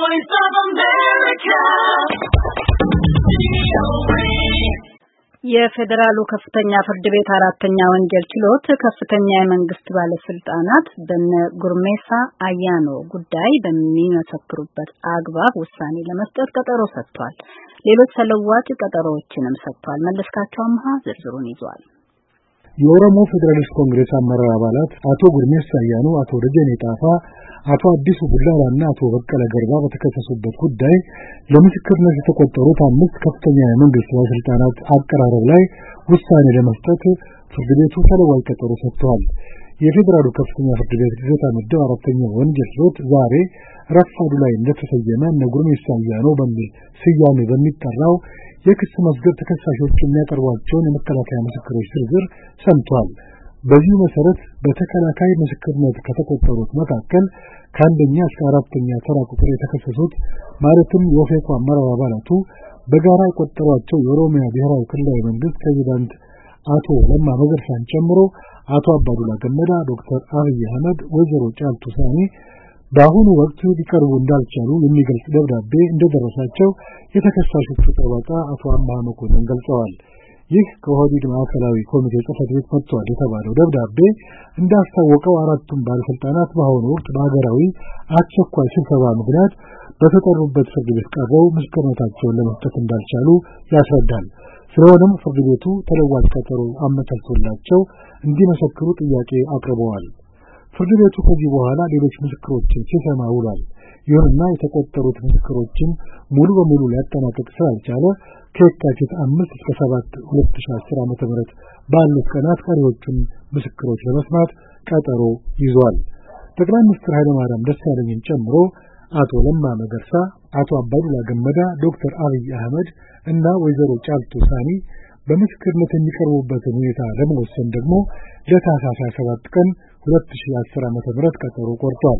Voice of America. የፌዴራሉ ከፍተኛ ፍርድ ቤት አራተኛ ወንጀል ችሎት ከፍተኛ የመንግስት ባለስልጣናት በነ ጉርሜሳ አያኖ ጉዳይ በሚመሰክሩበት አግባብ ውሳኔ ለመስጠት ቀጠሮ ሰጥቷል። ሌሎች ተለዋጭ ቀጠሮዎችንም ሰጥቷል። መለስካቸው አምሃ ዝርዝሩን ይዟል። የኦሮሞ ፌዴራሊስት ኮንግሬስ አመራር አባላት አቶ ጉርሜሳ ሳያኑ፣ አቶ ደጀኔ ጣፋ፣ አቶ አዲሱ ቡላላና አቶ በቀለ ገርባ በተከሰሱበት ጉዳይ ለምስክርነት የተቆጠሩት አምስት ከፍተኛ የመንግስት ባለስልጣናት አቀራረብ ላይ ውሳኔ ለመስጠት ፍርድ ቤቱ ተለዋጭ ቀጠሮ ሰጥተዋል። የፌዴራሉ ከፍተኛ ፍርድ ቤት ልደታ ምድብ አራተኛ ወንጀል ችሎት ዛሬ ረፋዱ ላይ እንደተሰየመ እነ ጉርሜሳ ነው በሚል ስያሜ በሚጠራው የክስ መዝገብ ተከሳሾች የሚያቀርቧቸውን የመከላከያ ምስክሮች ዝርዝር ሰምቷል። በዚሁ መሰረት በተከላካይ ምስክርነት ከተቆጠሩት መካከል ከአንደኛ እስከ አራተኛ ተራ ቁጥር የተከሰሱት ማለትም የኦፌኮ አመራር አባላቱ በጋራ የቆጠሯቸው የኦሮሚያ ብሔራዊ ክልላዊ መንግስት ፕሬዚዳንት አቶ ለማ መገርሳን ጨምሮ አቶ አባዱላ ገመዳ፣ ዶክተር አብይ አህመድ፣ ወይዘሮ ጫልቱ ሳኒ በአሁኑ ወቅት ሊቀርቡ እንዳልቻሉ የሚገልጽ ደብዳቤ እንደደረሳቸው የተከሳሾቹ ጠበቃ አቶ አምሃ መኮንን ገልጸዋል። ይህ ከኦህዴድ ማዕከላዊ ኮሚቴ ጽህፈት ቤት መጥቷል የተባለው ደብዳቤ እንዳስታወቀው አራቱም ባለስልጣናት በአሁኑ ወቅት በሀገራዊ አስቸኳይ ስብሰባ ምክንያት በተጠሩበት ፍርድ ቤት ቀርበው ምስክርነታቸውን ለመስጠት እንዳልቻሉ ያስረዳል። ስለሆነም ፍርድ ቤቱ ተለዋጭ ቀጠሮ አመቻችቶላቸው እንዲመሰክሩ ጥያቄ አቅርበዋል። ፍርድ ቤቱ ከዚህ በኋላ ሌሎች ምስክሮችን ሲሰማ ውሏል። ይሁንና የተቆጠሩት ምስክሮችን ሙሉ በሙሉ ሊያጠናቀቅ ስላልቻለ ከየካቲት አምስት እስከ ሰባት ሁለት ሺ አስር ዓመተ ምህረት ባሉት ቀናት ቀሪዎቹን ምስክሮች ለመስማት ቀጠሮ ይዟል። ጠቅላይ ሚኒስትር ኃይለማርያም ደሳለኝን ጨምሮ አቶ ለማ መገርሳ አቶ አባዱላ ገመዳ፣ ዶክተር አብይ አህመድ እና ወይዘሮ ጫልቱ ሳኒ በምስክርነት የሚቀርቡበትን ሁኔታ ለመወሰን ደግሞ ለታህሳስ 27 ቀን 2010 ዓ.ም ቀጠሮ ቆርጧል።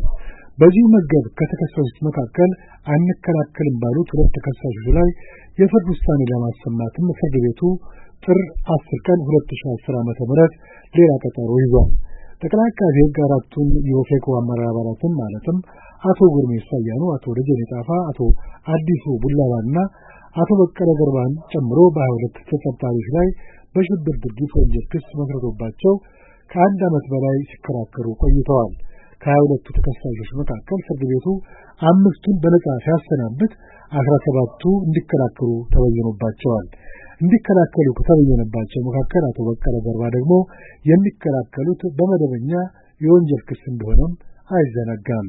በዚሁ መዝገብ ከተከሰሱት መካከል አንከላከልም ባሉት ሁለት ተከሳሾች ላይ የፍርድ ውሳኔ ለማሰማትም ፍርድ ቤቱ ጥር 10 ቀን 2010 ዓ.ም ሌላ ቀጠሮ ይዟል። ጠቅላይ አቃቤ ሕግ አራቱን የኦፌኮ አመራር አባላትን ማለትም አቶ ጉርሜ ሳያኑ፣ አቶ ደጀኔ ጣፋ፣ አቶ አዲሱ እና አቶ በቀለ ገርባን ጨምሮ በሀያ ሁለት ተጠርጣሪዎች ላይ በሽብር ድርጊት ወንጀል ክስ መስረቶባቸው ከአንድ ዓመት በላይ ሲከራከሩ ቆይተዋል። ከሀያ ሁለቱ ተከሳሾች መካከል ፍርድ ቤቱ አምስቱን በነጻ ሲያሰናብት አስራ ሰባቱ እንዲከላከሉ ተበየኖባቸዋል። እንዲከላከሉ ከተበየነባቸው መካከል አቶ በቀለ ገርባ ደግሞ የሚከላከሉት በመደበኛ የወንጀል ክስ እንደሆነም አይዘነጋም።